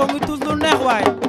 ko muy tuus lu neex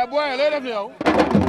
Eh, booy looy def ni yow